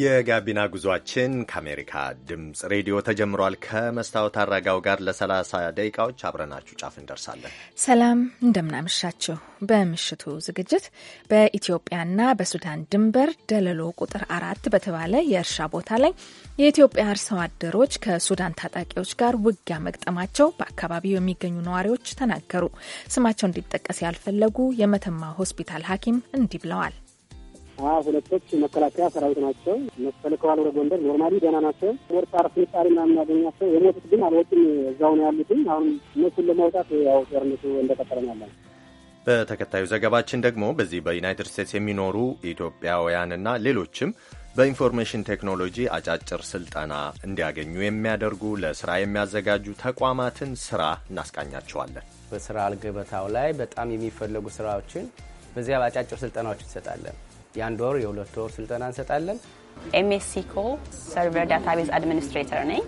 የጋቢና ጉዟችን ከአሜሪካ ድምፅ ሬዲዮ ተጀምሯል። ከመስታወት አረጋው ጋር ለ30 ደቂቃዎች አብረናችሁ ጫፍ እንደርሳለን። ሰላም እንደምናመሻችሁ። በምሽቱ ዝግጅት በኢትዮጵያና በሱዳን ድንበር ደለሎ ቁጥር አራት በተባለ የእርሻ ቦታ ላይ የኢትዮጵያ አርሶ አደሮች ከሱዳን ታጣቂዎች ጋር ውጊያ መግጠማቸው በአካባቢው የሚገኙ ነዋሪዎች ተናገሩ። ስማቸው እንዲጠቀስ ያልፈለጉ የመተማ ሆስፒታል ሐኪም እንዲህ ብለዋል። ሀያ ሁለቶች መከላከያ ሰራዊት ናቸው። መስተልከዋል ወደ ጎንደር። ኖርማሊ ደህና ናቸው። ወርጣር ፍንጣሪ ምናምን ያገኛቸው የሞቱት ግን አልወጡም። እዛው ነው ያሉትም። አሁን እነሱን ለማውጣት ያው ጦርነቱ እንደቀጠለ ነው በተከታዩ ዘገባችን ደግሞ በዚህ በዩናይትድ ስቴትስ የሚኖሩ ኢትዮጵያውያንና ሌሎችም በኢንፎርሜሽን ቴክኖሎጂ አጫጭር ስልጠና እንዲያገኙ የሚያደርጉ ለስራ የሚያዘጋጁ ተቋማትን ስራ እናስቃኛቸዋለን። በስራ ገበታው ላይ በጣም የሚፈለጉ ስራዎችን በዚያ በአጫጭር ስልጠናዎች እንሰጣለን። የአንድ ወር የሁለት ወር ስልጠና እንሰጣለን። ኤምኤስሲኮ ሰርቨር ዳታቤዝ አድሚኒስትሬተር ነኝ።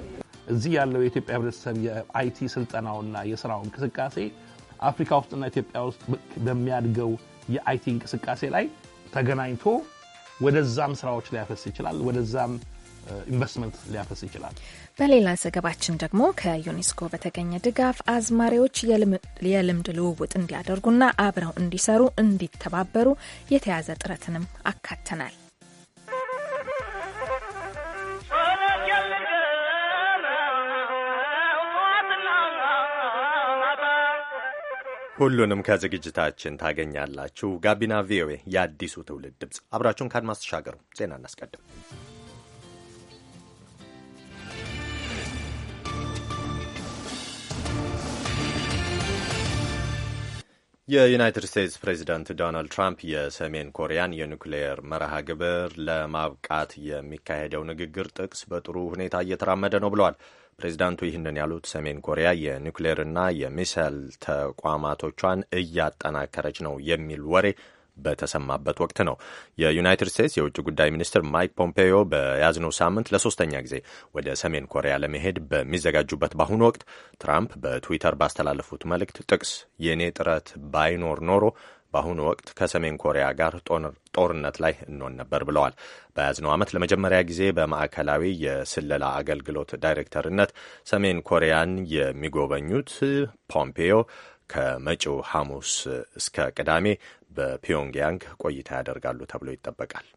እዚህ ያለው የኢትዮጵያ ህብረተሰብ የአይቲ ስልጠናውና የስራው እንቅስቃሴ አፍሪካ ውስጥና ኢትዮጵያ ውስጥ በሚያድገው የአይቲ እንቅስቃሴ ላይ ተገናኝቶ ወደዛም ስራዎች ሊያፈስ ይችላል ወደዛም ኢንቨስትመንት ሊያፈስ ይችላል። በሌላ ዘገባችን ደግሞ ከዩኔስኮ በተገኘ ድጋፍ አዝማሪዎች የልምድ ልውውጥ እንዲያደርጉና አብረው እንዲሰሩ እንዲተባበሩ የተያዘ ጥረትንም አካተናል። ሁሉንም ከዝግጅታችን ታገኛላችሁ። ጋቢና ቪኦኤ የአዲሱ ትውልድ ድምፅ። አብራችሁን ካድማስ ተሻገሩ። ዜና እናስቀድም። የዩናይትድ ስቴትስ ፕሬዚዳንት ዶናልድ ትራምፕ የሰሜን ኮሪያን የኒውክሌየር መርሃ ግብር ለማብቃት የሚካሄደው ንግግር ጥቅስ በጥሩ ሁኔታ እየተራመደ ነው ብለዋል። ፕሬዚዳንቱ ይህንን ያሉት ሰሜን ኮሪያ የኒውክሌርና የሚሳይል ተቋማቶቿን እያጠናከረች ነው የሚል ወሬ በተሰማበት ወቅት ነው። የዩናይትድ ስቴትስ የውጭ ጉዳይ ሚኒስትር ማይክ ፖምፔዮ በያዝነው ሳምንት ለሶስተኛ ጊዜ ወደ ሰሜን ኮሪያ ለመሄድ በሚዘጋጁበት በአሁኑ ወቅት ትራምፕ በትዊተር ባስተላለፉት መልእክት ጥቅስ የእኔ ጥረት ባይኖር ኖሮ በአሁኑ ወቅት ከሰሜን ኮሪያ ጋር ጦርነት ላይ እንሆን ነበር ብለዋል። በያዝነው ዓመት ለመጀመሪያ ጊዜ በማዕከላዊ የስለላ አገልግሎት ዳይሬክተርነት ሰሜን ኮሪያን የሚጎበኙት ፖምፔዮ ከመጪው ሐሙስ እስከ ቅዳሜ በፒዮንግያንግ ቆይታ ያደርጋሉ ተብሎ ይጠበቃል።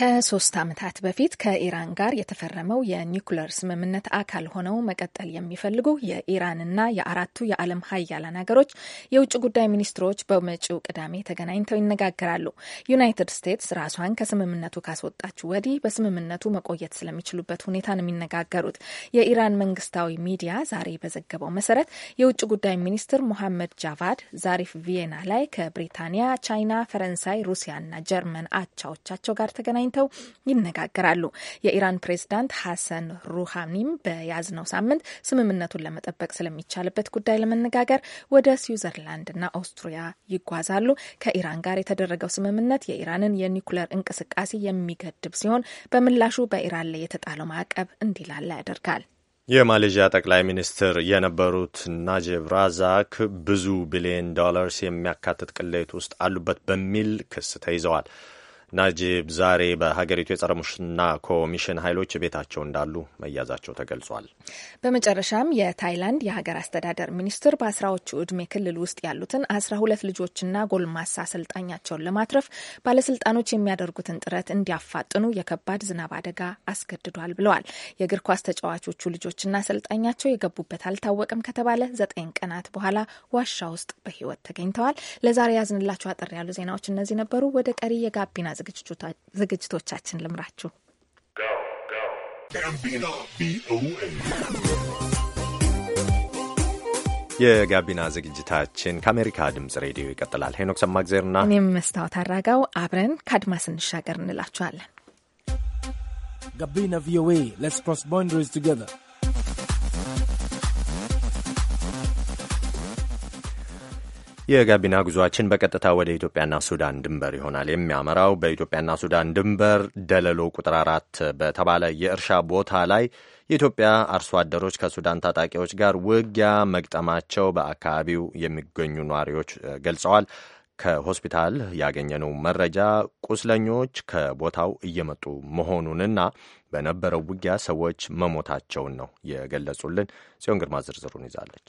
ከሶስት ዓመታት በፊት ከኢራን ጋር የተፈረመው የኒውክለር ስምምነት አካል ሆነው መቀጠል የሚፈልጉ የኢራንና የአራቱ የዓለም ሀያላን ሀገሮች የውጭ ጉዳይ ሚኒስትሮች በመጪው ቅዳሜ ተገናኝተው ይነጋገራሉ። ዩናይትድ ስቴትስ ራሷን ከስምምነቱ ካስወጣች ወዲህ በስምምነቱ መቆየት ስለሚችሉበት ሁኔታ ነው የሚነጋገሩት። የኢራን መንግስታዊ ሚዲያ ዛሬ በዘገበው መሰረት የውጭ ጉዳይ ሚኒስትር ሞሐመድ ጃቫድ ዛሪፍ ቪየና ላይ ከብሪታንያ፣ ቻይና፣ ፈረንሳይ፣ ሩሲያና ጀርመን አቻዎቻቸው ጋር ተገናኝ ተገናኝተው ይነጋገራሉ። የኢራን ፕሬዚዳንት ሐሰን ሩሃኒም በያዝነው ሳምንት ስምምነቱን ለመጠበቅ ስለሚቻልበት ጉዳይ ለመነጋገር ወደ ስዊዘርላንድና ኦስትሪያ ይጓዛሉ። ከኢራን ጋር የተደረገው ስምምነት የኢራንን የኒኩለር እንቅስቃሴ የሚገድብ ሲሆን በምላሹ በኢራን ላይ የተጣለው ማዕቀብ እንዲላላ ያደርጋል። የማሌዥያ ጠቅላይ ሚኒስትር የነበሩት ናጂብ ራዛክ ብዙ ቢሊዮን ዶላርስ የሚያካትት ቅሌት ውስጥ አሉበት በሚል ክስ ተይዘዋል። ናጂብ ዛሬ በሀገሪቱ የጸረ ሙስና ኮሚሽን ኃይሎች ቤታቸው እንዳሉ መያዛቸው ተገልጿል። በመጨረሻም የታይላንድ የሀገር አስተዳደር ሚኒስትር በአስራዎቹ እድሜ ክልል ውስጥ ያሉትን አስራ ሁለት ልጆችና ጎልማሳ አሰልጣኛቸውን ለማትረፍ ባለስልጣኖች የሚያደርጉትን ጥረት እንዲያፋጥኑ የከባድ ዝናብ አደጋ አስገድዷል ብለዋል። የእግር ኳስ ተጫዋቾቹ ልጆችና አሰልጣኛቸው የገቡበት አልታወቀም ከተባለ ዘጠኝ ቀናት በኋላ ዋሻ ውስጥ በህይወት ተገኝተዋል። ለዛሬ ያዝንላቸው አጠር ያሉ ዜናዎች እነዚህ ነበሩ። ወደ ቀሪ የጋቢና ዝግጅቶቻችን ልምራችሁ። የጋቢና ዝግጅታችን ከአሜሪካ ድምጽ ሬዲዮ ይቀጥላል። ሄኖክ ሰማግዜርና እኔም መስታወት አራጋው አብረን ከአድማ ስንሻገር እንላችኋለን። ጋቢና ቪኦኤ ሌትስ ክሮስ ባውንደሪስ ቱጌዘር የጋቢና ጉዟችን በቀጥታ ወደ ኢትዮጵያና ሱዳን ድንበር ይሆናል የሚያመራው። በኢትዮጵያና ሱዳን ድንበር ደለሎ ቁጥር አራት በተባለ የእርሻ ቦታ ላይ የኢትዮጵያ አርሶ አደሮች ከሱዳን ታጣቂዎች ጋር ውጊያ መግጠማቸው በአካባቢው የሚገኙ ነዋሪዎች ገልጸዋል። ከሆስፒታል ያገኘነው መረጃ ቁስለኞች ከቦታው እየመጡ መሆኑንና በነበረው ውጊያ ሰዎች መሞታቸውን ነው የገለጹልን። ጽዮን ግርማ ዝርዝሩን ይዛለች።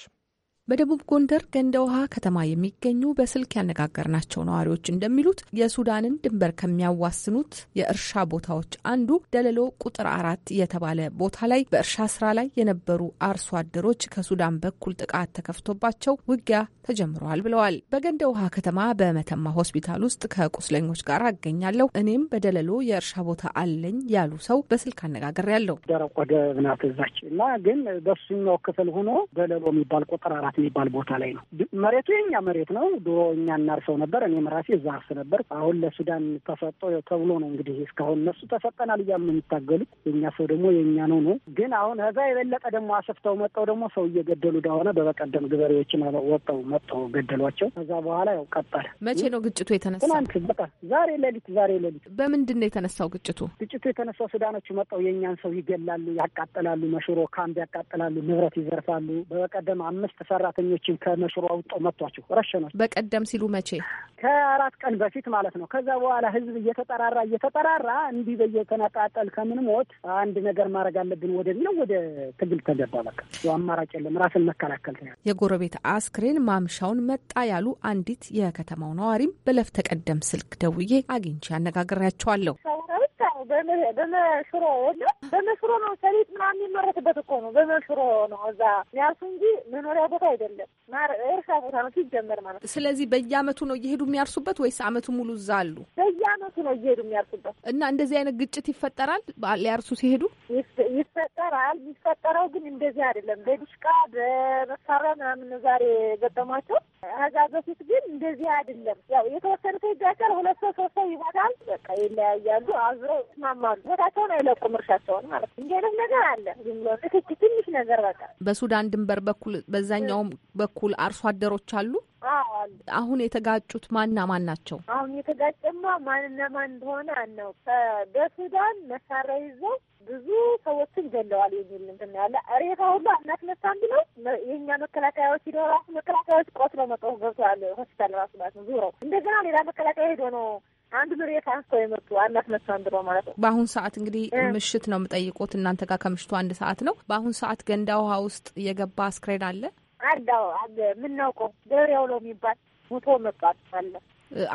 በደቡብ ጎንደር ገንደ ውሃ ከተማ የሚገኙ በስልክ ያነጋገርናቸው ነዋሪዎች እንደሚሉት የሱዳንን ድንበር ከሚያዋስኑት የእርሻ ቦታዎች አንዱ ደለሎ ቁጥር አራት የተባለ ቦታ ላይ በእርሻ ስራ ላይ የነበሩ አርሶ አደሮች ከሱዳን በኩል ጥቃት ተከፍቶባቸው ውጊያ ተጀምረዋል ብለዋል። በገንደ ውሃ ከተማ በመተማ ሆስፒታል ውስጥ ከቁስለኞች ጋር አገኛለሁ። እኔም በደለሎ የእርሻ ቦታ አለኝ ያሉ ሰው በስልክ አነጋገር ደረቆ ደብናት እዛች እና ግን በሱኛው ክፍል ሆኖ ደለሎ የሚባል ቁጥር አራት የሚባል ቦታ ላይ ነው። መሬቱ የኛ መሬት ነው። ድሮ እኛ እናርሰው ነበር። እኔም ራሴ እዛ አርስ ነበር። አሁን ለሱዳን ተሰጦ ተብሎ ነው እንግዲህ እስካሁን እነሱ ተሰጠናል እያሉ ነው የሚታገሉት። የእኛ ሰው ደግሞ የእኛ ነው ነው። ግን አሁን ከዛ የበለጠ ደግሞ አሰፍተው መጠው ደግሞ ሰው እየገደሉ ደሆነ በበቀደም ገበሬዎችን ወጠው መጥተው ገደሏቸው። ከዛ በኋላ ያው ቀጠለ። መቼ ነው ግጭቱ የተነሳ? ትናንት በቃ ዛሬ ሌሊት፣ ዛሬ ሌሊት። በምንድን ነው የተነሳው ግጭቱ? ግጭቱ የተነሳው ሱዳኖቹ መጠው የእኛን ሰው ይገላሉ፣ ያቃጥላሉ፣ መሽሮ ካምፕ ያቃጥላሉ፣ ንብረት ይዘርፋሉ። በበቀደም አምስት ሰራ ሰራተኞችን ከመሽሮ አውጠው መቷቸው ረሸኗቸው። በቀደም ሲሉ መቼ ከአራት ቀን በፊት ማለት ነው። ከዛ በኋላ ህዝብ እየተጠራራ እየተጠራራ እንዲህ በየተነጣጠል ከምንሞት አንድ ነገር ማድረግ አለብን ወደዚህ ነው ወደ ትግል ተገባ። በቃ አማራጭ የለም ራስን መከላከል። የጎረቤት አስክሬን ማምሻውን መጣ ያሉ አንዲት የከተማው ነዋሪም በለፍ ተቀደም ስልክ ደውዬ አግኝቼ አነጋግሬያቸዋለሁ። በመሽሮ የለም በመሽሮ ነው ሰሊጥ ምናምን የሚመረትበት እኮ ነው። በመሽሮ ነው እዛ ሚያርሱ እንጂ መኖሪያ ቦታ አይደለም። እርሻ ቦታ ነው ሲጀመር ማለት ነው። ስለዚህ በየአመቱ ነው እየሄዱ የሚያርሱበት ወይስ አመቱ ሙሉ እዛ አሉ? በየአመቱ ነው እየሄዱ የሚያርሱበት እና እንደዚህ አይነት ግጭት ይፈጠራል ሊያርሱ ሲሄዱ ይፈጠራል። የሚፈጠረው ግን እንደዚህ አይደለም። በድሽቃ በመሳሪያ ምናምን ዛሬ የገጠሟቸው ከዛ በፊት ግን እንደዚህ አይደለም። ያው የተወሰነ ሰው ይጋጫል፣ ሁለት ሰው ሶስት ሰው ይሞታል። በቃ ይለያያሉ አዝረው ይስማማሉ። ቦታቸውን አይለቁም፣ እርሻቸውን ማለት ነው። እንዲህ አይነት ነገር አለ። ዝም ብሎ ንክኪ ትንሽ ነገር በቃ። በሱዳን ድንበር በኩል በዛኛውም በኩል አርሶ አደሮች አሉ። አሁን የተጋጩት ማንና ማን ናቸው? አሁን የተጋጨማ ማንና ማን እንደሆነ አነው በሱዳን መሳሪያ ይዘው ብዙ ሰዎችን ገለዋል የሚል እንትን ያለ ሬታ ሁሉ አናት አናስነሳም ብለው የእኛ መከላከያዎች ሂደው ራሱ መከላከያዎች ቆስለው መጠው ገብተዋል ሆስፒታል ራሱ ማለት ነው ዙረው እንደገና ሌላ መከላከያ ሄዶ ነው አንድ ብር የታስተው የመጡ አናት መሳንድሮ ማለት ነው። በአሁን ሰዓት እንግዲህ ምሽት ነው የምጠይቁት እናንተ ጋር ከምሽቱ አንድ ሰዓት ነው። በአሁን ሰዓት ገንዳ ውሃ ውስጥ የገባ አስክሬን አለ አዳው አለ የምናውቀው ደብሪያው ነው የሚባል ሙቶ መጣት አለ።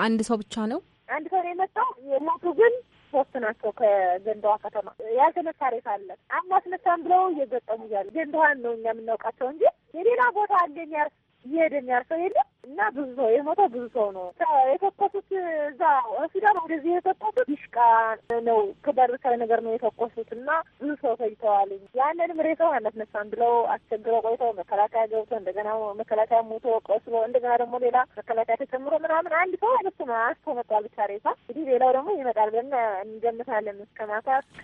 አንድ ሰው ብቻ ነው አንድ ሰው ነው የመጣው። የሞቱ ግን ሶስት ናቸው። ከገንዳዋ ከተማ ያልተነሳ ሬሳ አለ። አናስነሳም ብለው እየገጠሙ እያሉ ገንዳዋን ነው እኛ የምናውቃቸው እንጂ የሌላ ቦታ አለ የሚያርስ እየሄደ የሚያርሰው የለም እና ብዙ ሰው የሞተው ብዙ ሰው ነው። የተኮሱት እዛ ሱዳን ወደዚህ የተኮሱት ዲሽቃ ነው፣ ክበር ነገር ነው የተኮሱት እና ብዙ ሰው ፈጅተዋል። ያንንም ሬሳውን አላስነሳም ብለው አስቸግረው ቆይተው መከላከያ ገብቶ እንደገና መከላከያ ሞቶ ቆስሎ እንደገና ደግሞ ሌላ መከላከያ ተጨምሮ ምናምን አንድ ሰው አይነት አስቶ መጥቷል። ብቻ ሬሳ እንግዲህ ሌላው ደግሞ ይመጣል ብለን እንገምታለን። እስከ ማታ እስከ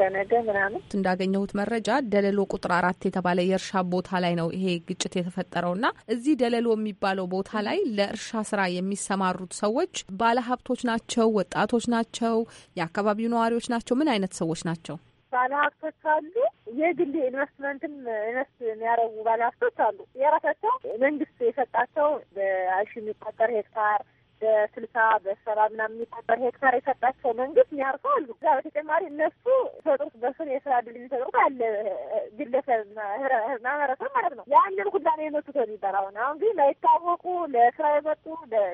ምናምን እንዳገኘሁት መረጃ ደለሎ ቁጥር አራት የተባለ የእርሻ ቦታ ላይ ነው ይሄ ግጭት የተፈጠረው እና እዚህ ደለሎ የሚባለው ቦታ ላይ ለእርሻ ስራ የሚሰማሩት ሰዎች ባለሀብቶች ናቸው? ወጣቶች ናቸው? የአካባቢው ነዋሪዎች ናቸው? ምን አይነት ሰዎች ናቸው? ባለሀብቶች አሉ። የግል ኢንቨስትመንትም ኢንቨስት የሚያደርጉ ባለሀብቶች አሉ። የራሳቸው መንግስት የሰጣቸው በሺ የሚቆጠር ሄክታር በስልሳ በሰባ ምናምን የሚቆጠር ሄክታር የሰጣቸው መንግስት ያርሰው አሉ። እዛ በተጨማሪ እነሱ ሰጡት በሱን የስራ ድል የሚሰጡት አለ ግለሰብ ማህበረሰብ ማለት ነው። ያንን ሁላ ነው የመጡት የሚባል አሁን አሁን ግን ላይታወቁ ለስራ የመጡ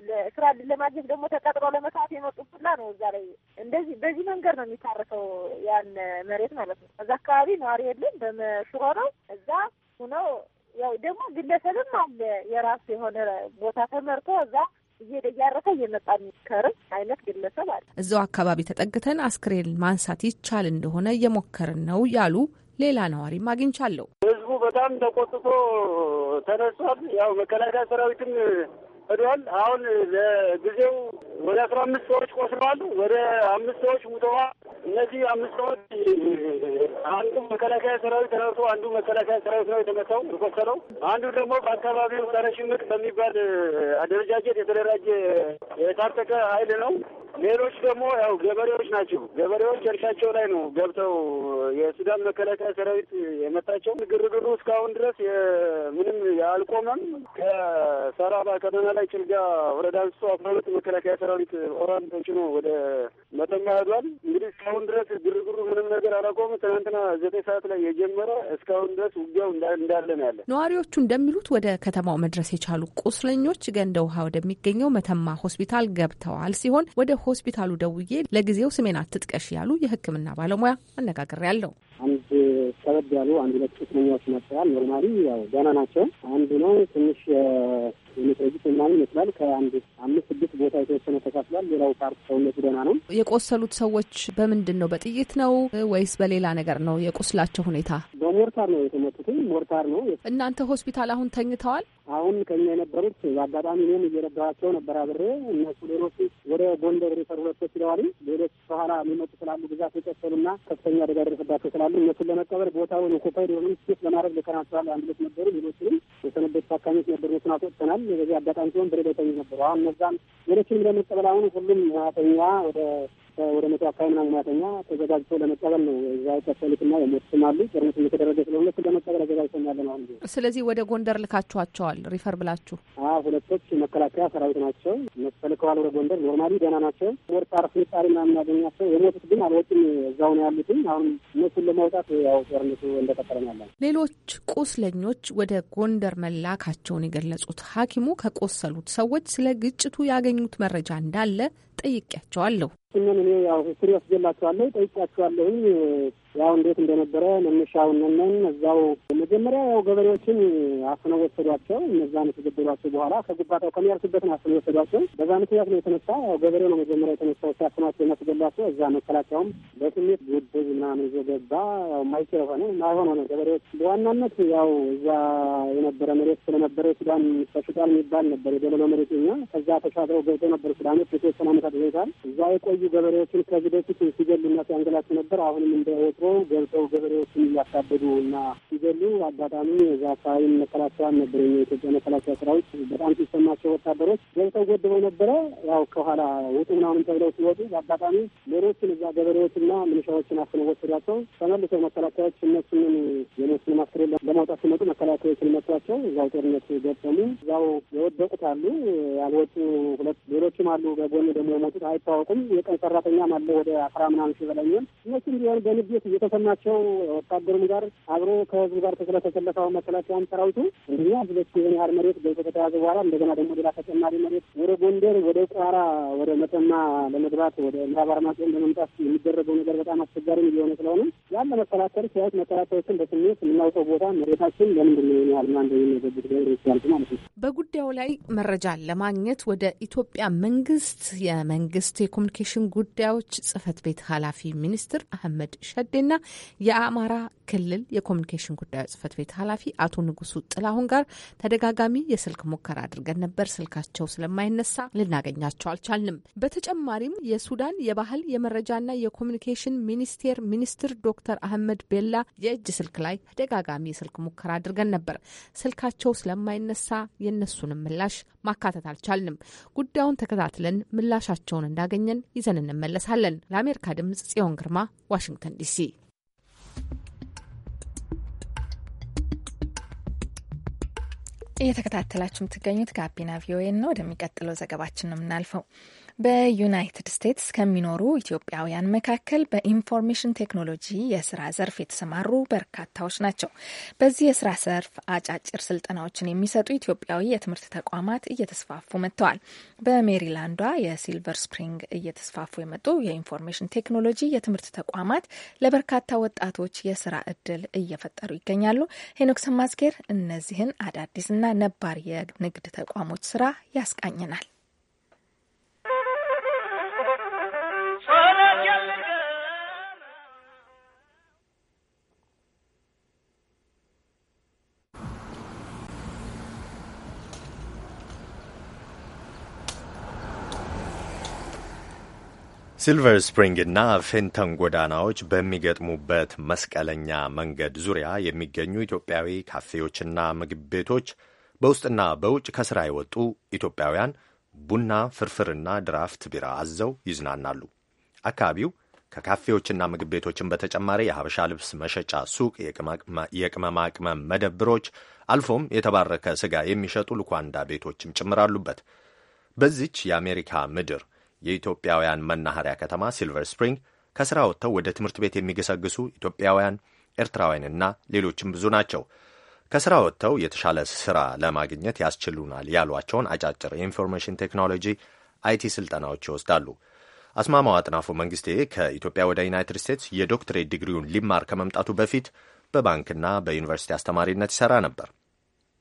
ለስራ ድል ለማግኘት ደግሞ ተቀጥሮ ለመስራት የመጡ ሁላ ነው። እዛ ላይ እንደዚህ በዚህ መንገድ ነው የሚታረሰው ያን መሬት ማለት ነው። እዛ አካባቢ ነዋሪ የለም በመሽሮ ነው እዛ ሁነው ያው ደግሞ ግለሰብም አለ የራሱ የሆነ ቦታ ተመርቶ እዛ እየሄደ እያረፈ እየመጣ የሚከርም አይነት ግለሰብ አለ። እዛው አካባቢ ተጠግተን አስክሬን ማንሳት ይቻል እንደሆነ እየሞከርን ነው ያሉ ሌላ ነዋሪም አግኝቻለሁ። ህዝቡ በጣም ተቆጥቶ ተነሷል። ያው መከላከያ ሰራዊትም ሄዷል። አሁን ለጊዜው ወደ አስራ አምስት ሰዎች ቆስለዋል። ወደ አምስት ሰዎች ሙተዋል። እነዚህ አምስት ሰዎች አንዱ መከላከያ ሰራዊት ተረቱ፣ አንዱ መከላከያ ሰራዊት ነው የተመታው የቆሰለው። አንዱ ደግሞ በአካባቢው ጸረ ሽምቅ በሚባል አደረጃጀት የተደራጀ የታጠቀ ኃይል ነው። ሌሎች ደግሞ ያው ገበሬዎች ናቸው። ገበሬዎች እርሻቸው ላይ ነው ገብተው የሱዳን መከላከያ ሰራዊት የመታቸው። ግርግሩ እስካሁን ድረስ ምንም አልቆመም። ከሰራባ ከተማ ላይ ጭልጋ ወረዳ አንስቶ አስራ ሁለት መከላከያ ሰራዊት ኦራን ተጭኖ ወደ መተማ ሄዷል። እንግዲህ እስካሁን ድረስ ግርግሩ ምንም ነገር አላቆም። ትናንትና ዘጠኝ ሰዓት ላይ የጀመረ እስካሁን ድረስ ውጊያው እንዳለ ነው ያለ። ነዋሪዎቹ እንደሚሉት ወደ ከተማው መድረስ የቻሉ ቁስለኞች ገንደ ውሃ ወደሚገኘው መተማ ሆስፒታል ገብተዋል ሲሆን ወደ ሆስፒታሉ ደውዬ ለጊዜው ስሜን አትጥቀሽ ያሉ የሕክምና ባለሙያ አነጋግሬያለሁ። አንድ ከበድ ያሉ አንድ ሁለት ቁስለኛዎች መጥተዋል። ኖርማሊ ያው ደህና ናቸው። አንዱ ነው ትንሽ የሜትሮጅት ምናምን ይመስላል። ከአንድ አምስት ስድስት ቦታ የተወሰነ ተካፍሏል። ሌላው ፓርት ሰውነቱ ደህና ነው። የቆሰሉት ሰዎች በምንድን ነው? በጥይት ነው ወይስ በሌላ ነገር ነው? የቁስላቸው ሁኔታ በሞርታር ነው የተመቱትም ሞርታር ነው። እናንተ ሆስፒታል አሁን ተኝተዋል? አሁን ከኛ የነበሩት በአጋጣሚ እኔም እየረዳኋቸው ነበር አብሬ። እነሱ ሌሎች ወደ ጎንደር ሪፈር ሁለት ስለዋሉ ሌሎች በኋላ የሚመጡ ስላሉ ብዛት የጨሰሉና ከፍተኛ አደጋ ደረሰባቸው ስላሉ እነሱን ለመቀበል ቦታውን ኮፓይድ የሆኑ ስኬት ለማድረግ ልከናቸዋል። አንድ ልት ነበሩ። ሌሎችንም የሰነበቱ አካሚዎች ነበሩ። እነሱን አስወጥተናል። በዚህ አጋጣሚ ሲሆን ብሬ ላይ ይተኙ ነበሩ። አሁን እነዛም ሌሎችንም ለመቀበል አሁን ሁሉም ተኛ ወደ ወደ መቶ አካባቢ ምናምን ሙያተኛ ተዘጋጅቶ ለመቀበል ነው። እዛ የቆሰሉትና የሞቱትም አሉ። ጦርነት እየተደረገ ስለሆነ እሱ ለመቀበል አዘጋጅቶ ያለ ነው። አሁን ስለዚህ ወደ ጎንደር ልካችኋቸዋል ሪፈር ብላችሁ? አዎ ሁለቶች መከላከያ ሰራዊት ናቸው። መፈልከዋል ወደ ጎንደር። ኖርማሊ ደህና ናቸው። ሞርታር ፍንጣሪ ምናምን ያገኛቸው የሞቱት ግን አልወጡም። እዛው ነው ያሉትም። አሁን እነሱን ለማውጣት ያው ጦርነቱ እንደቀጠለ ነው ያለ። ሌሎች ቁስለኞች ወደ ጎንደር መላካቸውን የገለጹት ሐኪሙ ከቆሰሉት ሰዎች ስለ ግጭቱ ያገኙት መረጃ እንዳለ ጠይቄያቸዋለሁ። እኔ ያው ስሪ ያስገላቸዋለሁ ጠይቄያቸዋለሁ ያው እንዴት እንደነበረ መነሻውን ነን እዛው መጀመሪያ ያው ገበሬዎችን አፍነው ወሰዷቸው። እነዛን የተገደሏቸው በኋላ ከጉባታው ከሚያርሱበትን ነው ወሰዷቸው። በዛ ምክንያት ነው የተነሳ ያው ገበሬው ነው መጀመሪያ የተነሳው ሲያፍኗቸው የሚያስገላቸው። እዛ መከላከያውም በስሜት ጉድዝ ምናምን ይዞ ገባ። ያው ማይችል ሆነ ማይሆን ሆነ። ገበሬዎች በዋናነት ያው እዛ የነበረ መሬት ስለነበረ ሱዳን ተሽጧል የሚባል ነበር የደለሎ መሬት ኛ ከዛ ተሻግረው ገብተው ነበር ሱዳኖች የተወሰነ አመታት ይዘታል። እዛ የቆዩ ገበሬዎችን ከዚህ በፊት ሲገሉና ሲያንገላቸው ነበር። አሁንም እንደ አድርገው ገብተው ገበሬዎችን እያሳበዱ እና ሲገሉ አጋጣሚ እዛ አካባቢ መከላከያ ነበር። የኢትዮጵያ መከላከያ ስራዎች በጣም ሲሰማቸው ወታደሮች ገብተው ገድበው ነበረ። ያው ከኋላ ውጡ ምናምን ተብለው ሲወጡ በአጋጣሚ ሌሎችን እዛ ገበሬዎችና ምንሻዎችን አፍነ ወሰዷቸው። ተመልሰው መከላከያዎች እነሱን የነሱን ማስክሬን ለማውጣት ሲመጡ መከላከያዎችን መቷቸው። እዛው ጦርነት ገጠሙ። እዛው የወደቁት አሉ፣ ያልወጡ ሁለት ሌሎችም አሉ። በጎን ደግሞ የሞቱት አይታወቁም። የቀን ሰራተኛም አለ ወደ አስራ ምናምን ሲበላኛል እነሱም ቢሆን በንዴት የተሰማቸው ወታደሩም ጋር አብሮ ከህዝቡ ጋር ስለተሰለፈው መከላከያን ሰራዊቱ እንግዲህ ሁለት የሆነ ያህል መሬት በይቶ ከተያዘ በኋላ እንደገና ደግሞ ሌላ ተጨማሪ መሬት ወደ ጎንደር፣ ወደ ቋራ፣ ወደ መተማ ለመግባት ወደ ምዕራብ አርማጭሆን ለመምጣት የሚደረገው ነገር በጣም አስቸጋሪ እየሆነ ስለሆነ ያን ለመከላከል ሲያዩት መከላከያዎችን በስሜት የምናውቀው ቦታ መሬታችን ለምንድን ነው ያህል ማንደ የሚገቡት ገ ይችላል ማለት ነው። በጉዳዩ ላይ መረጃ ለማግኘት ወደ ኢትዮጵያ መንግስት የመንግስት የኮሚኒኬሽን ጉዳዮች ጽህፈት ቤት ኃላፊ ሚኒስትር አህመድ ሸዴን የአማራ ክልል የኮሚኒኬሽን ጉዳዮች ጽህፈት ቤት ኃላፊ አቶ ንጉሱ ጥላሁን ጋር ተደጋጋሚ የስልክ ሙከራ አድርገን ነበር። ስልካቸው ስለማይነሳ ልናገኛቸው አልቻልንም። በተጨማሪም የሱዳን የባህል የመረጃና የኮሚኒኬሽን ሚኒስቴር ሚኒስትር ዶክተር አህመድ ቤላ የእጅ ስልክ ላይ ተደጋጋሚ የስልክ ሙከራ አድርገን ነበር። ስልካቸው ስለማይነሳ የእነሱንም ምላሽ ማካተት አልቻልንም። ጉዳዩን ተከታትለን ምላሻቸውን እንዳገኘን ይዘን እንመለሳለን። ለአሜሪካ ድምጽ ጽዮን ግርማ ዋሽንግተን ዲሲ። እየተከታተላችሁ የምትገኙት ጋቢና ቪኦኤ ነው። ወደሚቀጥለው ዘገባችን ነው የምናልፈው። በዩናይትድ ስቴትስ ከሚኖሩ ኢትዮጵያውያን መካከል በኢንፎርሜሽን ቴክኖሎጂ የስራ ዘርፍ የተሰማሩ በርካታዎች ናቸው። በዚህ የስራ ዘርፍ አጫጭር ስልጠናዎችን የሚሰጡ ኢትዮጵያዊ የትምህርት ተቋማት እየተስፋፉ መጥተዋል። በሜሪላንዷ የሲልቨር ስፕሪንግ እየተስፋፉ የመጡ የኢንፎርሜሽን ቴክኖሎጂ የትምህርት ተቋማት ለበርካታ ወጣቶች የስራ እድል እየፈጠሩ ይገኛሉ። ሄኖክ ሰማዝጌር እነዚህን አዳዲስና ነባር የንግድ ተቋሞች ስራ ያስቃኝናል ሲልቨር እና ፌንተን ጎዳናዎች በሚገጥሙበት መስቀለኛ መንገድ ዙሪያ የሚገኙ ኢትዮጵያዊ ካፌዎችና ምግብ ቤቶች በውስጥና በውጭ ከሥራ የወጡ ኢትዮጵያውያን ቡና፣ ፍርፍርና ድራፍት ቢራ አዘው ይዝናናሉ። አካባቢው ከካፌዎችና ምግብ ቤቶችን በተጨማሪ የሀበሻ ልብስ መሸጫ ሱቅ፣ የቅመማ ቅመም መደብሮች አልፎም የተባረከ ሥጋ የሚሸጡ ልኳንዳ ቤቶችም ጭምር አሉበት። በዚች የአሜሪካ ምድር የኢትዮጵያውያን መናኸሪያ ከተማ ሲልቨር ስፕሪንግ ከሥራ ወጥተው ወደ ትምህርት ቤት የሚገሰግሱ ኢትዮጵያውያን፣ ኤርትራውያንና ሌሎችም ብዙ ናቸው። ከሥራ ወጥተው የተሻለ ሥራ ለማግኘት ያስችሉናል ያሏቸውን አጫጭር የኢንፎርሜሽን ቴክኖሎጂ አይቲ ስልጠናዎች ይወስዳሉ። አስማማው አጥናፉ መንግስቴ ከኢትዮጵያ ወደ ዩናይትድ ስቴትስ የዶክትሬት ዲግሪውን ሊማር ከመምጣቱ በፊት በባንክና በዩኒቨርሲቲ አስተማሪነት ይሠራ ነበር።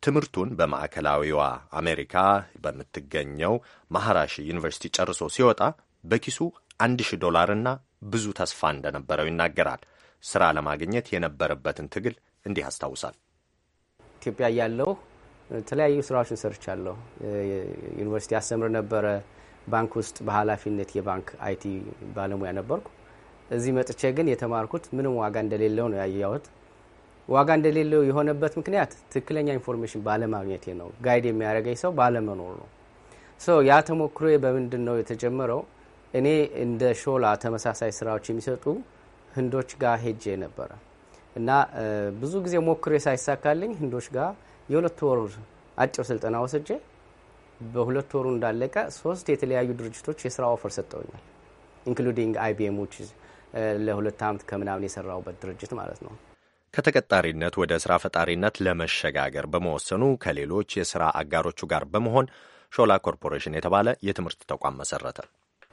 ትምህርቱን በማዕከላዊዋ አሜሪካ በምትገኘው ማህራሺ ዩኒቨርሲቲ ጨርሶ ሲወጣ በኪሱ አንድ ሺህ ዶላርና ብዙ ተስፋ እንደነበረው ይናገራል። ስራ ለማግኘት የነበረበትን ትግል እንዲህ አስታውሳል። ኢትዮጵያ እያለሁ የተለያዩ ስራዎችን ሰርቻለሁ። ዩኒቨርሲቲ አስተምር ነበረ። ባንክ ውስጥ በኃላፊነት የባንክ አይቲ ባለሙያ ነበርኩ። እዚህ መጥቼ ግን የተማርኩት ምንም ዋጋ እንደሌለው ነው ያየሁት። ዋጋ እንደሌለው የሆነበት ምክንያት ትክክለኛ ኢንፎርሜሽን ባለማግኘቴ ነው። ጋይድ የሚያደርገኝ ሰው ባለመኖር ነው። ሶ ያ ተሞክሮ በምንድን ነው የተጀመረው? እኔ እንደ ሾላ ተመሳሳይ ስራዎች የሚሰጡ ህንዶች ጋር ሄጄ ነበረ እና ብዙ ጊዜ ሞክሬ ሳይሳካልኝ ህንዶች ጋር የሁለት ወር አጭር ስልጠና ወስጄ በሁለት ወሩ እንዳለቀ ሶስት የተለያዩ ድርጅቶች የስራ ኦፈር ሰጠውኛል። ኢንክሉዲንግ አይቢኤሞች ለሁለት ዓመት ከምናምን የሰራውበት ድርጅት ማለት ነው። ከተቀጣሪነት ወደ ሥራ ፈጣሪነት ለመሸጋገር በመወሰኑ ከሌሎች የሥራ አጋሮቹ ጋር በመሆን ሾላ ኮርፖሬሽን የተባለ የትምህርት ተቋም መሰረተ።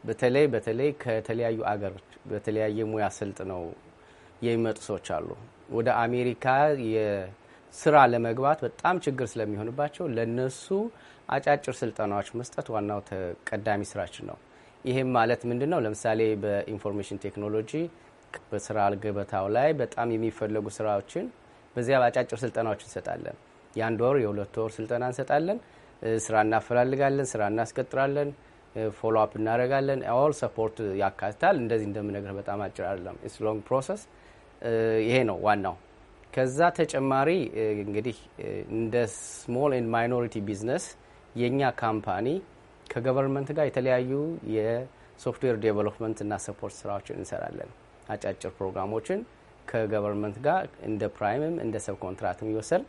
በተለይ በተለይ ከተለያዩ አገሮች በተለያየ ሙያ ሰልጥነው የሚመጡ ሰዎች አሉ። ወደ አሜሪካ ስራ ለመግባት በጣም ችግር ስለሚሆንባቸው ለነሱ አጫጭር ስልጠናዎች መስጠት ዋናው ተቀዳሚ ስራችን ነው። ይህም ማለት ምንድን ነው? ለምሳሌ በኢንፎርሜሽን ቴክኖሎጂ በስራ ገበታው ላይ በጣም የሚፈለጉ ስራዎችን በዚያ አጫጭር ስልጠናዎች እንሰጣለን። የአንድ ወር የሁለት ወር ስልጠና እንሰጣለን። ስራ እናፈላልጋለን፣ ስራ እናስቀጥራለን፣ ፎሎ አፕ እናደርጋለን። ኦል ሰፖርት ያካትታል። እንደዚህ እንደምነግርህ በጣም አጭር አይደለም። ኢትስ ሎንግ ፕሮሰስ። ይሄ ነው ዋናው። ከዛ ተጨማሪ እንግዲህ እንደ ስሞል ኤንድ ማይኖሪቲ ቢዝነስ የእኛ ካምፓኒ ከገቨርንመንት ጋር የተለያዩ የሶፍትዌር ዴቨሎፕመንት እና ሰፖርት ስራዎችን እንሰራለን። አጫጭር ፕሮግራሞችን ከገቨርንመንት ጋር እንደ ፕራይምም እንደ ሰብ ኮንትራትም ይወሰድ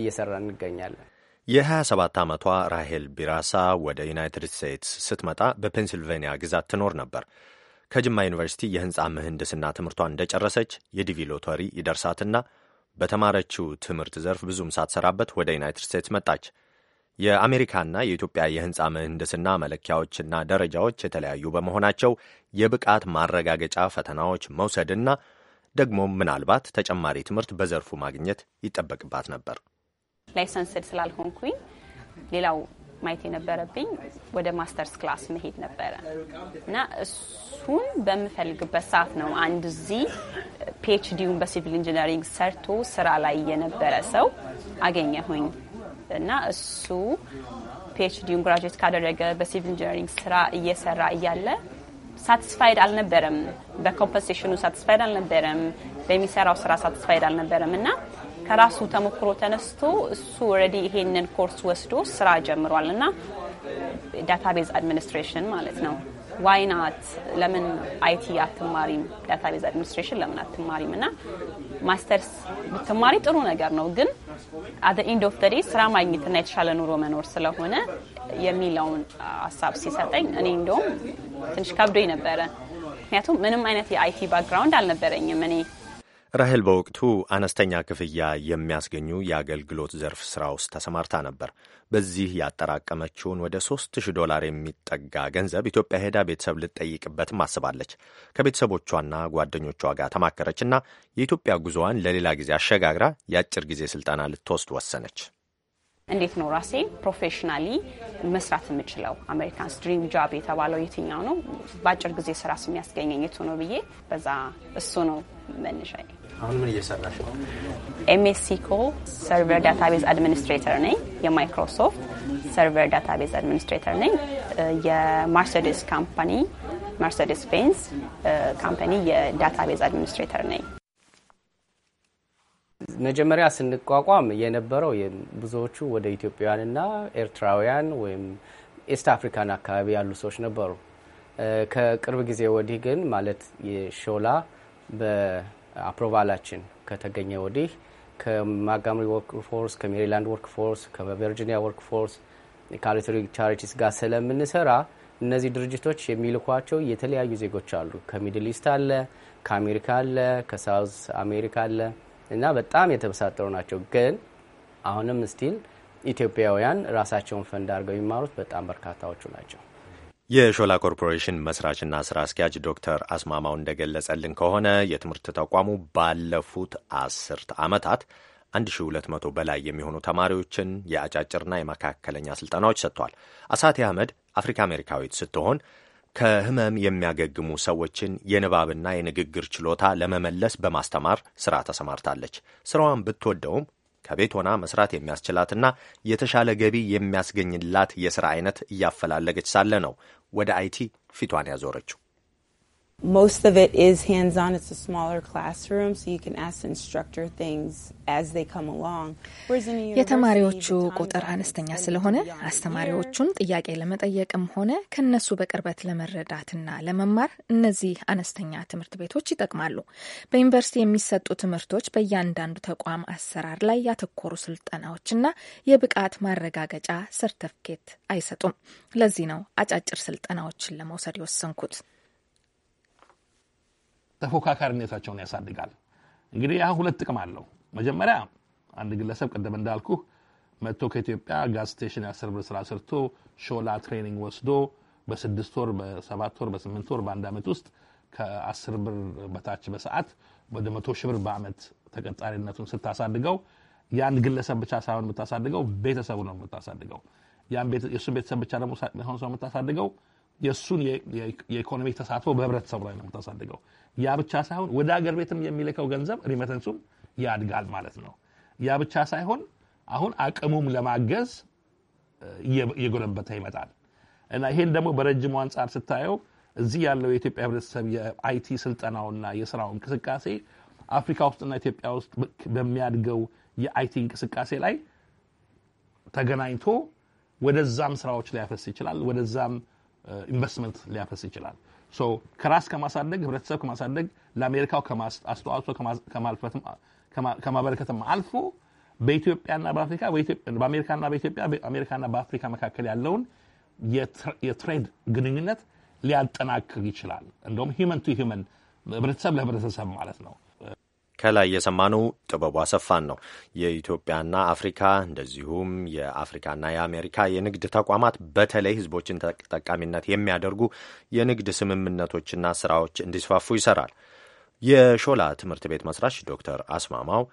እየሰራ እንገኛለን። የ27 ዓመቷ ራሄል ቢራሳ ወደ ዩናይትድ ስቴትስ ስትመጣ በፔንሲልቬኒያ ግዛት ትኖር ነበር። ከጅማ ዩኒቨርሲቲ የህንፃ ምህንድስና ትምህርቷን እንደጨረሰች የዲቪ ሎተሪ ይደርሳትና በተማረችው ትምህርት ዘርፍ ብዙም ሳትሰራበት ወደ ዩናይትድ ስቴትስ መጣች። የአሜሪካና የኢትዮጵያ የህንፃ ምህንድስና መለኪያዎችና ደረጃዎች የተለያዩ በመሆናቸው የብቃት ማረጋገጫ ፈተናዎች መውሰድና ደግሞ ምናልባት ተጨማሪ ትምህርት በዘርፉ ማግኘት ይጠበቅባት ነበር። ላይሰንስድ ስላልሆንኩኝ ሌላው ማየት የነበረብኝ ወደ ማስተርስ ክላስ መሄድ ነበረ እና እሱን በምፈልግበት ሰዓት ነው አንድ እዚህ ፒኤችዲውን በሲቪል ኢንጂነሪንግ ሰርቶ ስራ ላይ የነበረ ሰው አገኘሁኝ። እና እሱ ፒኤችዲውን ግራጁዌት ካደረገ በሲቪል ኢንጂነሪንግ ስራ እየሰራ እያለ ሳቲስፋይድ አልነበረም። በኮምፐንሴሽኑ ሳትስፋይድ አልነበረም። በሚሰራው ስራ ሳትስፋይድ አልነበረም እና ከራሱ ተሞክሮ ተነስቶ እሱ ኦልሬዲ ይሄንን ኮርስ ወስዶ ስራ ጀምሯል እና ዳታቤዝ አድሚኒስትሬሽን ማለት ነው። ዋይናት ለምን አይቲ አትማሪም? ዳታቤዝ አድሚኒስትሬሽን ለምን አትማሪም? እና ማስተርስ ብትማሪ ጥሩ ነገር ነው ግን አደ ኢንድ ኦፍ ደዴ ስራ ማግኘትና የተሻለ ኑሮ መኖር ስለሆነ የሚለውን uh, ሀሳብ ሲሰጠኝ እኔ እንደውም ትንሽ ከብዶኝ ነበረ። ምክንያቱም ምንም አይነት የአይቲ ባክግራውንድ አልነበረኝም እኔ ራሄል በወቅቱ አነስተኛ ክፍያ የሚያስገኙ የአገልግሎት ዘርፍ ሥራ ውስጥ ተሰማርታ ነበር። በዚህ ያጠራቀመችውን ወደ ሶስት ዶላር የሚጠጋ ገንዘብ ኢትዮጵያ ሄዳ ቤተሰብ ልትጠይቅበትም አስባለች። ከቤተሰቦቿና ጓደኞቿ ጋር ተማከረችና የኢትዮጵያ ጉዞዋን ለሌላ ጊዜ አሸጋግራ የአጭር ጊዜ ስልጠና ልትወስድ ወሰነች። እንዴት ነው ራሴ ፕሮፌሽናሊ መስራት የምችለው? አሜሪካንስ ድሪም ጃብ የተባለው የትኛው ነው? በአጭር ጊዜ ስራስ የሚያስገኘኝ የቱ ነው ብዬ በዛ እሱ ነው መነሻዬ። አሁን ምን እየሰራሽ ነው? ኤምኤስሲኮ ሰርቨር ዳታቤዝ አድሚኒስትሬተር ነኝ። የማይክሮሶፍት ሰርቨር ዳታቤዝ አድሚኒስትሬተር ነኝ። የማርሴዲስ ካምፓኒ ማርሴዲስ ቤንስ ካምፓኒ የዳታቤዝ አድሚኒስትሬተር ነኝ። መጀመሪያ ስንቋቋም የነበረው ብዙዎቹ ወደ ኢትዮጵያውያንና ኤርትራውያን ወይም ኤስት አፍሪካን አካባቢ ያሉ ሰዎች ነበሩ። ከቅርብ ጊዜ ወዲህ ግን ማለት የሾላ አፕሮቫላችን ከተገኘ ወዲህ ከማጋምሪ ወርክ ፎርስ፣ ከሜሪላንድ ወርክ ፎርስ፣ ከቨርጂኒያ ወርክ ፎርስ፣ ካሪቶሪ ቻሪቲስ ጋር ስለምንሰራ እነዚህ ድርጅቶች የሚልኳቸው የተለያዩ ዜጎች አሉ። ከሚድል ኢስት አለ፣ ከአሜሪካ አለ፣ ከሳውዝ አሜሪካ አለ እና በጣም የተበሳጠሩ ናቸው። ግን አሁንም ስቲል ኢትዮጵያውያን ራሳቸውን ፈንድ አድርገው የሚማሩት በጣም በርካታዎቹ ናቸው። የሾላ ኮርፖሬሽን መስራችና ስራ አስኪያጅ ዶክተር አስማማው እንደገለጸልን ከሆነ የትምህርት ተቋሙ ባለፉት አስርት ዓመታት 1200 በላይ የሚሆኑ ተማሪዎችን የአጫጭርና የመካከለኛ ስልጠናዎች ሰጥቷል። አሳቴ አህመድ አፍሪካ አሜሪካዊት ስትሆን ከህመም የሚያገግሙ ሰዎችን የንባብና የንግግር ችሎታ ለመመለስ በማስተማር ስራ ተሰማርታለች። ስራዋን ብትወደውም ከቤት ሆና መስራት የሚያስችላትና የተሻለ ገቢ የሚያስገኝላት የሥራ አይነት እያፈላለገች ሳለ ነው ወደ አይቲ ፊቷን ያዞረችው። Most of it is hands on. It's a smaller classroom, so you can ask the instructor things as they come along. የተማሪዎቹ ቁጥር አነስተኛ ስለሆነ አስተማሪዎቹን ጥያቄ ለመጠየቅም ሆነ ከነሱ በቅርበት ለመረዳትና ለመማር እነዚህ አነስተኛ ትምህርት ቤቶች ይጠቅማሉ። በዩኒቨርሲቲ የሚሰጡ ትምህርቶች በእያንዳንዱ ተቋም አሰራር ላይ ያተኮሩ ስልጠናዎችና የብቃት ማረጋገጫ ሰርተፍኬት አይሰጡም። ለዚህ ነው አጫጭር ስልጠናዎችን ለመውሰድ የወሰንኩት። ተፎካካሪነታቸውን ያሳድጋል። እንግዲህ ያ ሁለት ጥቅም አለው። መጀመሪያ አንድ ግለሰብ ቀደም እንዳልኩህ መጥቶ ከኢትዮጵያ ጋዝ ስቴሽን የአስር ብር ስራ ሰርቶ ሾላ ትሬኒንግ ወስዶ በስድስት ወር፣ በሰባት ወር፣ በስምንት ወር፣ በአንድ ዓመት ውስጥ ከአስር ብር በታች በሰዓት ወደ መቶ ሺህ ብር በዓመት ተቀጣሪነቱን ስታሳድገው የአንድ ግለሰብ ብቻ ሳይሆን የምታሳድገው ቤተሰቡ ነው የምታሳድገው። ያን የእሱ ቤተሰብ ብቻ ደግሞ ሆን ሰው የምታሳድገው የእሱን የኢኮኖሚ ተሳትፎ በህብረተሰቡ ላይ ነው የምታሳድገው። ያ ብቻ ሳይሆን ወደ አገር ቤትም የሚልከው ገንዘብ ሪመተንሱም ያድጋል ማለት ነው። ያ ብቻ ሳይሆን አሁን አቅሙም ለማገዝ እየጎለበተ ይመጣል እና ይሄን ደግሞ በረጅሙ አንጻር ስታየው እዚህ ያለው የኢትዮጵያ ህብረተሰብ የአይቲ ስልጠናውና የስራው እንቅስቃሴ አፍሪካ ውስጥና ኢትዮጵያ ውስጥ በሚያድገው የአይቲ እንቅስቃሴ ላይ ተገናኝቶ ወደዛም ስራዎች ሊያፈስ ይችላል ወደዛም ኢንቨስትመንት ሊያፈስ ይችላል። ከራስ ከማሳደግ ህብረተሰብ ከማሳደግ ለአሜሪካው አስተዋጽኦ ከማበረከትም አልፎ በኢትዮጵያና በአፍሪካ በአሜሪካና በኢትዮጵያ አሜሪካና በአፍሪካ መካከል ያለውን የትሬድ ግንኙነት ሊያጠናክር ይችላል። እንደውም ሂመን ቱ ሂመን ህብረተሰብ ለህብረተሰብ ማለት ነው። ከላይ የሰማነው ጥበቡ አሰፋን ነው። የኢትዮጵያና አፍሪካ እንደዚሁም የአፍሪካና የአሜሪካ የንግድ ተቋማት በተለይ ህዝቦችን ተጠቃሚነት የሚያደርጉ የንግድ ስምምነቶችና ስራዎች እንዲስፋፉ ይሰራል። የሾላ ትምህርት ቤት መስራች ዶክተር አስማማው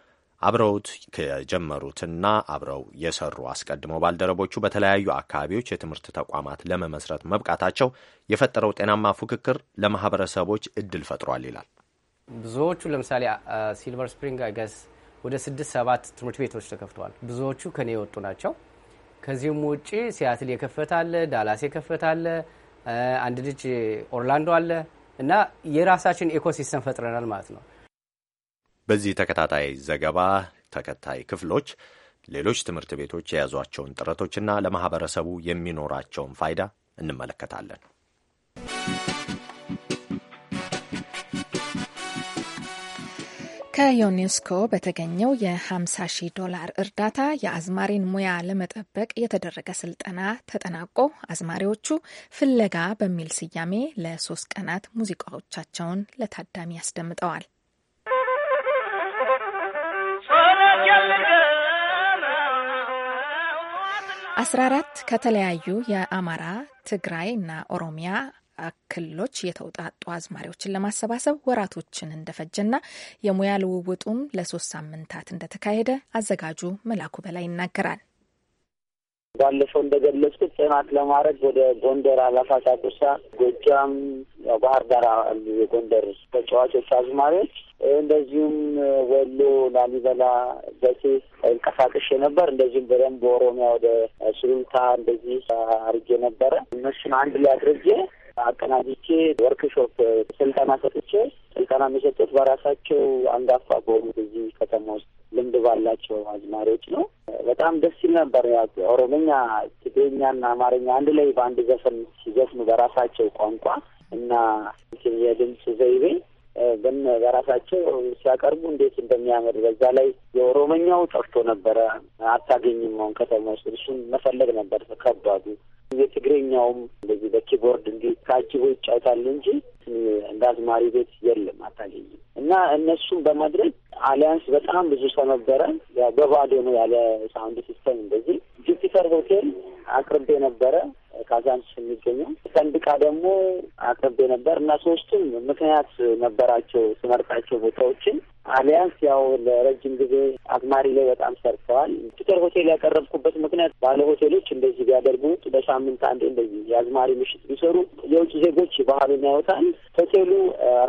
አብረውት ከጀመሩትና አብረው የሰሩ አስቀድመው ባልደረቦቹ በተለያዩ አካባቢዎች የትምህርት ተቋማት ለመመስረት መብቃታቸው የፈጠረው ጤናማ ፉክክር ለማህበረሰቦች እድል ፈጥሯል ይላል። ብዙዎቹ ለምሳሌ ሲልቨር ስፕሪንግ አይገስ ወደ ስድስት ሰባት ትምህርት ቤቶች ተከፍተዋል። ብዙዎቹ ከኔ የወጡ ናቸው። ከዚህም ውጭ ሲያትል የከፈተ አለ፣ ዳላስ የከፈተ አለ፣ አንድ ልጅ ኦርላንዶ አለ እና የራሳችን ኤኮሲስተም ፈጥረናል ማለት ነው። በዚህ ተከታታይ ዘገባ ተከታይ ክፍሎች ሌሎች ትምህርት ቤቶች የያዟቸውን ጥረቶችና ለማህበረሰቡ የሚኖራቸውን ፋይዳ እንመለከታለን። ከዩኔስኮ በተገኘው የ50 ሺህ ዶላር እርዳታ የአዝማሪን ሙያ ለመጠበቅ የተደረገ ስልጠና ተጠናቆ አዝማሪዎቹ ፍለጋ በሚል ስያሜ ለሶስት ቀናት ሙዚቃዎቻቸውን ለታዳሚ አስደምጠዋል። አስራ አራት ከተለያዩ የአማራ ትግራይ እና ኦሮሚያ ክልሎች የተውጣጡ አዝማሪዎችን ለማሰባሰብ ወራቶችን እንደፈጀና የሙያ ልውውጡም ለሶስት ሳምንታት እንደተካሄደ አዘጋጁ መላኩ በላይ ይናገራል። ባለፈው እንደገለጽኩት ጥናት ለማድረግ ወደ ጎንደር፣ አላፋ ሳቁሳ፣ ጎጃም፣ ባህር ዳር አሉ የጎንደር ተጫዋቾች አዝማሪዎች እንደዚሁም ወሎ ላሊበላ ደሴ እንቀሳቀሽ ነበር። እንደዚሁም በደንብ ኦሮሚያ ወደ ሱሉልታ እንደዚህ አርጌ ነበረ። እነሱን አንድ ላይ አድርጌ አቀናጅቼ ወርክሾፕ ስልጠና ሰጥቼ ስልጠና የሚሰጡት በራሳቸው አንጋፋ በሆኑ እዚህ ከተማ ውስጥ ልምድ ባላቸው አዝማሪዎች ነው። በጣም ደስ ሲል ነበር። ያ ኦሮምኛ፣ ትግርኛና አማርኛ አንድ ላይ በአንድ ዘፈን ሲዘፍኑ በራሳቸው ቋንቋ እና የድምፅ ዘይቤ ግን በራሳቸው ሲያቀርቡ እንዴት እንደሚያምር በዛ ላይ የኦሮመኛው ጠፍቶ ነበረ፣ አታገኝም አሁን ከተማ ውስጥ። እሱን መፈለግ ነበር ከባዱ። የትግረኛውም እንደዚህ በኪቦርድ እንዲህ ታጅቦ ይጫወታል እንጂ እንደ አዝማሪ ቤት የለም አታገኝም። እና እነሱም በማድረግ አሊያንስ በጣም ብዙ ሰው ነበረ። ያው በባዶ ነው ያለ ሳውንድ ሲስተም እንደዚህ ጁፒተር ሆቴል አቅርቤ ነበረ ካዛንስ የሚገኘው ሰንድቃ ደግሞ አቅርቤ ነበር እና ሶስቱም ምክንያት ነበራቸው ስመርጣቸው ቦታዎችን አሊያንስ ያው ለረጅም ጊዜ አዝማሪ ላይ በጣም ሰርተዋል። ፒተር ሆቴል ያቀረብኩበት ምክንያት ባለ ሆቴሎች እንደዚህ ቢያደርጉት በሳምንት አንዴ እንደዚህ የአዝማሪ ምሽት ቢሰሩ የውጭ ዜጎች ባህሉን ያወታል። ሆቴሉ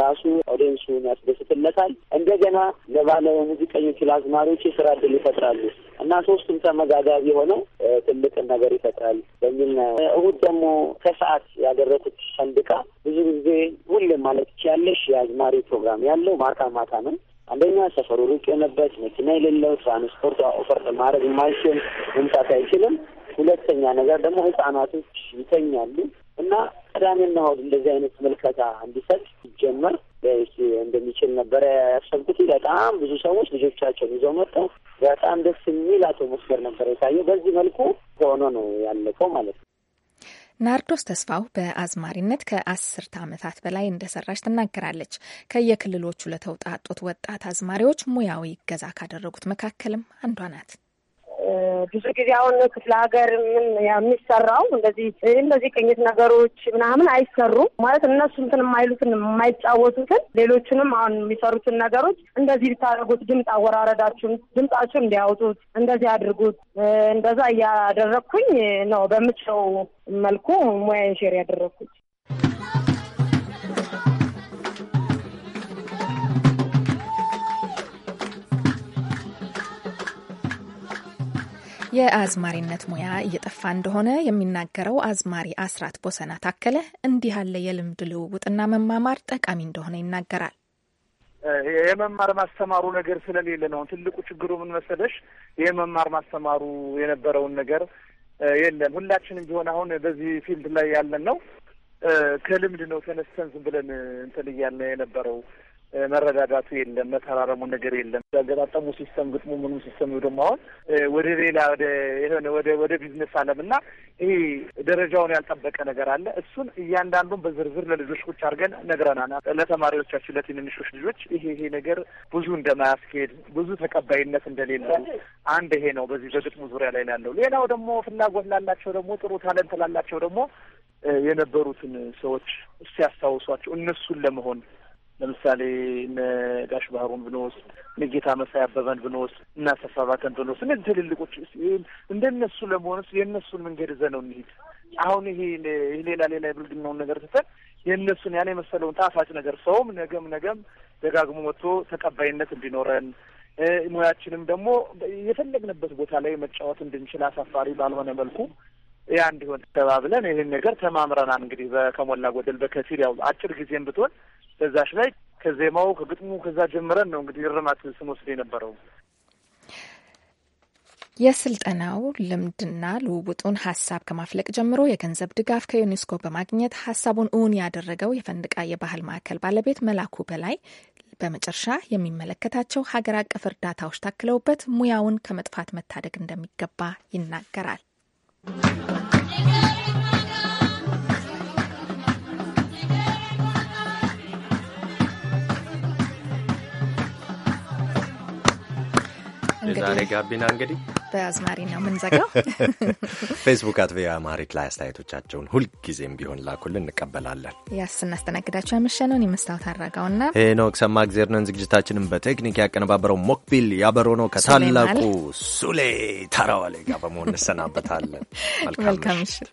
ራሱ ኦዲየንሱን ያስደስትለታል። እንደገና ለባለ ሙዚቀኞች ለአዝማሪዎች የስራ እድል ይፈጥራሉ እና ሶስቱም ተመጋጋቢ ሆነው ትልቅን ነገር ይፈጥራል በሚል እሁድ ደግሞ ከሰዓት ያደረኩት ሰንድቃ ብዙ ጊዜ ሁሌም ማለት ትችያለሽ የአዝማሪ ፕሮግራም ያለው ማታ ማታ ነው። አንደኛ ሰፈሩ ሩቅ የሆነበት መኪና የሌለው ትራንስፖርት ኦፈርድ ማድረግ የማይችል መምጣት አይችልም። ሁለተኛ ነገር ደግሞ ህጻናቶች ይተኛሉ እና ቅዳሜና እሑድ እንደዚህ አይነት ምልከታ እንዲሰጥ ይጀመር እንደሚችል ነበረ ያሰብኩት። በጣም ብዙ ሰዎች ልጆቻቸውን ይዘው መጥተው በጣም ደስ የሚል አቶ መስገር ነበር የታየው። በዚህ መልኩ ሆኖ ነው ያለቀው ማለት ነው። ናርዶስ ተስፋው በአዝማሪነት ከአስርተ ዓመታት በላይ እንደሰራች ትናገራለች። ከየክልሎቹ ለተውጣጡት ወጣት አዝማሪዎች ሙያዊ እገዛ ካደረጉት መካከልም አንዷ ናት። ብዙ ጊዜ አሁን ክፍለ ሀገር ምን የሚሰራው እንደዚህ እንደዚህ ቅኝት ነገሮች ምናምን አይሰሩም ማለት እነሱ እንትን የማይሉትን የማይጫወቱትን ሌሎቹንም አሁን የሚሰሩትን ነገሮች እንደዚህ ብታደርጉት ድምፅ አወራረዳችሁን ድምጻችሁን እንዲያወጡት እንደዚህ አድርጉት እንደዛ እያደረግኩኝ ነው በምችለው መልኩ ሙያ ሼር ያደረግኩት። የአዝማሪነት ሙያ እየጠፋ እንደሆነ የሚናገረው አዝማሪ አስራት ቦሰና ታከለ እንዲህ ያለ የልምድ ልውውጥና መማማር ጠቃሚ እንደሆነ ይናገራል። የመማር ማስተማሩ ነገር ስለሌለ ነው። ትልቁ ችግሩ ምን መሰለሽ? የመማር ማስተማሩ የነበረውን ነገር የለም። ሁላችንም ቢሆን አሁን በዚህ ፊልድ ላይ ያለን ነው ከልምድ ነው ተነስተን ዝም ብለን እንትን እያልን የነበረው መረዳዳቱ የለም፣ መተራረሙ ነገር የለም። ያገጣጠሙ ሲስተም ግጥሙ ምኑ ሲስተም ደግሞ አሁን ወደ ሌላ ወደ የሆነ ወደ ወደ ቢዝነስ አለም እና ይሄ ደረጃውን ያልጠበቀ ነገር አለ። እሱን እያንዳንዱን በዝርዝር ለልጆች ቁጭ አድርገን ነግረናል። ለተማሪዎቻችን ለትንንሾች ልጆች ይሄ ይሄ ነገር ብዙ እንደማያስኬድ ብዙ ተቀባይነት እንደሌለው አንድ ይሄ ነው በዚህ በግጥሙ ዙሪያ ላይ ያለው። ሌላው ደግሞ ፍላጎት ላላቸው ደግሞ ጥሩ ታለንት ላላቸው ደግሞ የነበሩትን ሰዎች ሲያስታውሷቸው እነሱን ለመሆን ለምሳሌ እነ ጋሽ ባህሩን ብንወስድ እነ ጌታ መሳይ አበበን ብንወስድ እና ሰፋ ባከን ብንወስድ እነዚህ ትልልቆች እንደነሱ ለመሆንስ የእነሱን መንገድ ይዘን ነው እንሂድ። አሁን ይሄ ሌላ ሌላ የብልግናውን ነገር ትተን የእነሱን ያን የመሰለውን ጣፋጭ ነገር ሰውም ነገም ነገም ደጋግሞ መጥቶ ተቀባይነት እንዲኖረን ሙያችንም ደግሞ የፈለግንበት ቦታ ላይ መጫወት እንድንችል አሳፋሪ ባልሆነ መልኩ ያ እንዲሆን ተባብለን ይህን ነገር ተማምረናል። እንግዲህ በከሞላ ጎደል በከፊል ያው አጭር ጊዜም ብትሆን በዛች ላይ ከዜማው ከግጥሙ ከዛ ጀምረን ነው እንግዲህ እርማት ስንወስድ የነበረው። የስልጠናው ልምድና ልውውጡን ሀሳብ ከማፍለቅ ጀምሮ የገንዘብ ድጋፍ ከዩኔስኮ በማግኘት ሀሳቡን እውን ያደረገው የፈንድቃ የባህል ማዕከል ባለቤት መላኩ በላይ በመጨረሻ የሚመለከታቸው ሀገር አቀፍ እርዳታዎች ታክለውበት ሙያውን ከመጥፋት መታደግ እንደሚገባ ይናገራል። የዛሬ ጋቢና እንግዲህ በአዝማሪ ነው የምንዘጋው። ፌስቡክ አት ቪኦኤ አማሪክ ላይ አስተያየቶቻቸውን ሁልጊዜም ቢሆን ላኩልን፣ እንቀበላለን። ያስ ስናስተናግዳቸው ያመሸነውን የመስታወት ና ሄኖክ ሰማ እግዜር ነን። ዝግጅታችንን በቴክኒክ ያቀነባበረው ሞክቢል ያበሮ ነው። ከታላቁ ሱሌ ታራዋሌ ጋር በመሆን እንሰናበታለን። መልካም ምሽት።